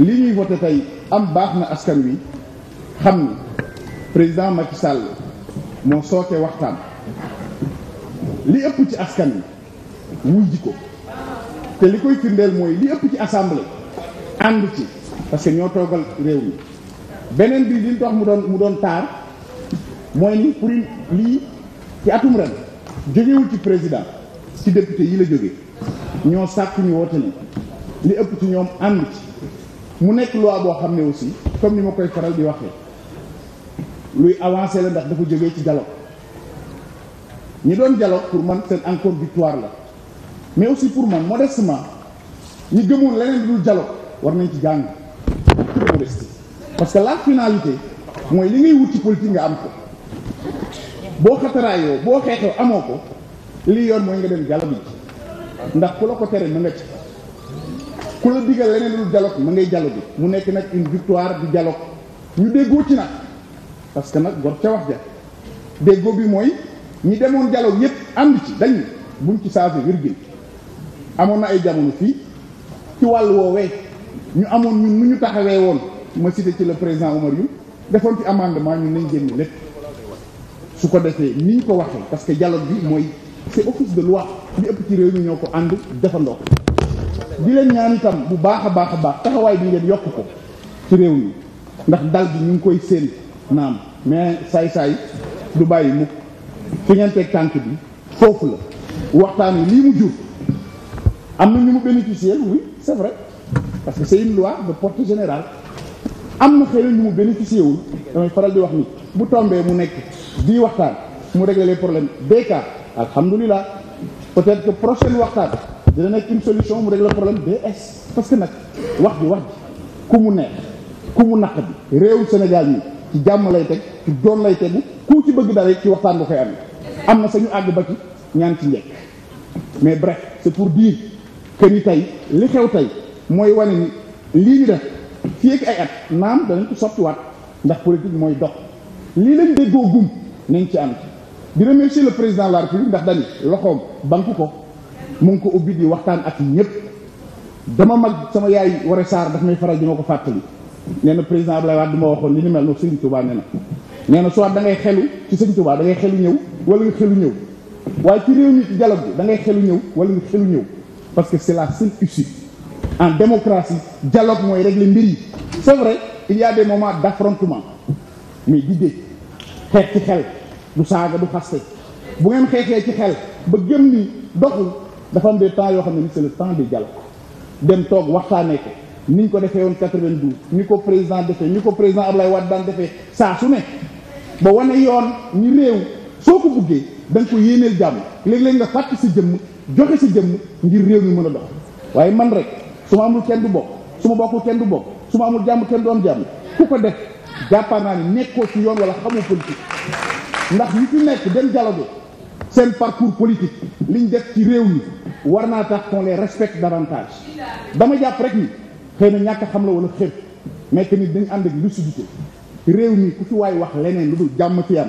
li ñuy voté tey am baax na askan wi xam na président Macky Sall moo sooke waxtaan li ëpp ci askan wi wuy ji ko te li koy firndeel mooy li ëpp ci assemblée ànd ci parce que ñoo toogal réew mi beneen bi li tax mu doon mu doon taar mooy ni pour lii ci atum ren jógewul ci président ci député yi la jóge ñoo sàkk ñu woote ni li ëpp ci ñoom ànd ci mu nekk loi boo xam ne aussi comme ni ma koy faral di waxee luy avancé la ndax dafa jógee ci dialogue ñi doon dialogue pour man seen encore victoire la mais aussi pour man modestement ñi gëmul leneen dul dialogue war nañ ci jàng modestie parce que la finalité mooy li ngay wut ci politique nga am ko boo xataraayoo boo xeexoo amoo ko lii yoon mooy nga dem dialogue bi ndax ku la ko tere mën nga ci ku la digal leneen lu dialogue ma ngay dialogue bi mu nekk nag une victoire du dialogue ñu déggoo ci nag parce que nag gor ca wax ja déggoo bi mooy ñi demoon dialogue yépp ànd ci dañ buñ ci saafi virgule amoon na ay jamono fii ci wàllu ñu amoon ñun nu ñu taxawee woon ma cité ci le président Oumar Youm defoon ci amendement ñun nañ génn lépp su ko defee ni ñu ko waxee parce que dialogue bi mooy c'est office de loi li ëpp ci réew mi ñoo ko ànd defandoo di leen ñaan itam bu baax a baax a baax taxawaay bi ngeen yokk ko ci réew mi ndax dal bi ñu ngi koy séen naam mais saay-saay du bàyyi mukk fi ngeen teg tànk bi foofu la waxtaan wi lii mu jur am na ñu mu bénéficier oui c'est vrai parce que c'est une loi de porte général am na xëy na ñu mu bénéficier wul damay faral di wax ni bu tombee mu nekk di waxtaan mu régler les problèmes des cas alhamdulilah peut-être que prochaine waxtaan dina nekk une solution mu régler le problème DS parce que nag wax bi wax bi ku mu neex ku mu naq bi réewu Sénégal yi ci jàmm lay teg ci doon lay tegu ku ci bëgg dara ci waxtaan bu koy am am na sañu àgg ba ci ñaan ci njëkk mais bref c'est pour dire kër yi tey li xew tey mooy wane ni lii ñu def fii ak ay at naam danañ ko soppiwaat ndax politique mooy dox lii lañ déggoo gum nañ ci am di remercier le président de la république ndax dañu loxoom banku mu ngi ko ubbi di waxtaan ak ñëpp dama mag sama yaay war Waré Sarr daf may faral di ma ko fàttali nee na président Abdoulaye Wade ma waxoon li ni mel noonu Serigne Touba nee na nee soo soit da ngay xelu ci Serigne Touba da ngay xelu ñëw wala nga xelu ñëw waaye ci réew mi ci dialogue bi xelu ñëw wala nga xelu ñëw parce que c'est la seule issue en démocratie dialogue mooy régler mbir yi c'est vrai il y a des moments d'affrontement mais di dee xeex ci xel du saaga du xaste bu ngeen xeexee ci xel ba gëm ni doxul dafa am des temps yoo xam ne c'est le temps du dialogue dem toog waxtaanee ko ni ñu ko defee woon 92 ni ko président defee ni ko président Ablaye Wade daan defee saa su ne ba wane yoon ñu réew soo ko buggee da ko yéeneel jàmm léeg-léeg nga fàtt si jëmm joxe si jëmm ngir réew ñu mën a dox waaye man rek su ma amul kenn du bokk su ma bokkul kenn du bokk su ma amul jàmm kenn doon jàmm ku ko def jàppaa naa ni nekkoo si yoon wala xamoo politique ndax ñi ci nekk dem dialogue seen parcours politique liñ def ci réew mi war naa tax qu'on les respecte davantage dama jàpp rek ni xëy ñàkk xam la wala xër mais que nit dañ ànd ak lucidité réew mi ku fi waay wax leneen lu dul jàmm fi am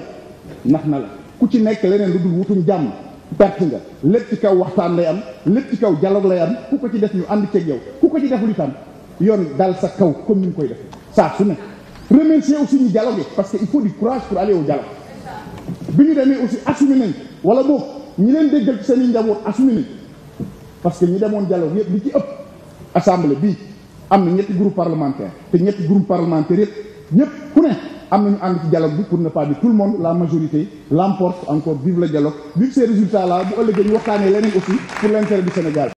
ndax na la ku ci nekk leneen lu dul wutum jàmm perte nga lépp ci kaw waxtaan lay am lépp ci kaw dialogue lay am ku ko ci def ñu ànd ceeg yow ku ko ci deful itam yoon dal sa kaw comme ni ñu koy def saa su ne remercier aussi ñu dialogue parce que il faut du courage pour bi ñu demee aussi assumé nañ wala boog ñi leen déggal ci seen i njaboot assumé parce que ñi demoon dialogue yëpp li ci ëpp assemblée bi am na ñetti groupe parlementaire te ñetti groupe parlementaire yëpp ñëpp ku ne am nañu ànd ci dialogue bi pour ne pas dire tout le monde la majorité l'emporte encore vive le dialogue vive ces résultats là bu ëllëgee ñu waxtaanee leneen aussi pour l'intérêt du Sénégal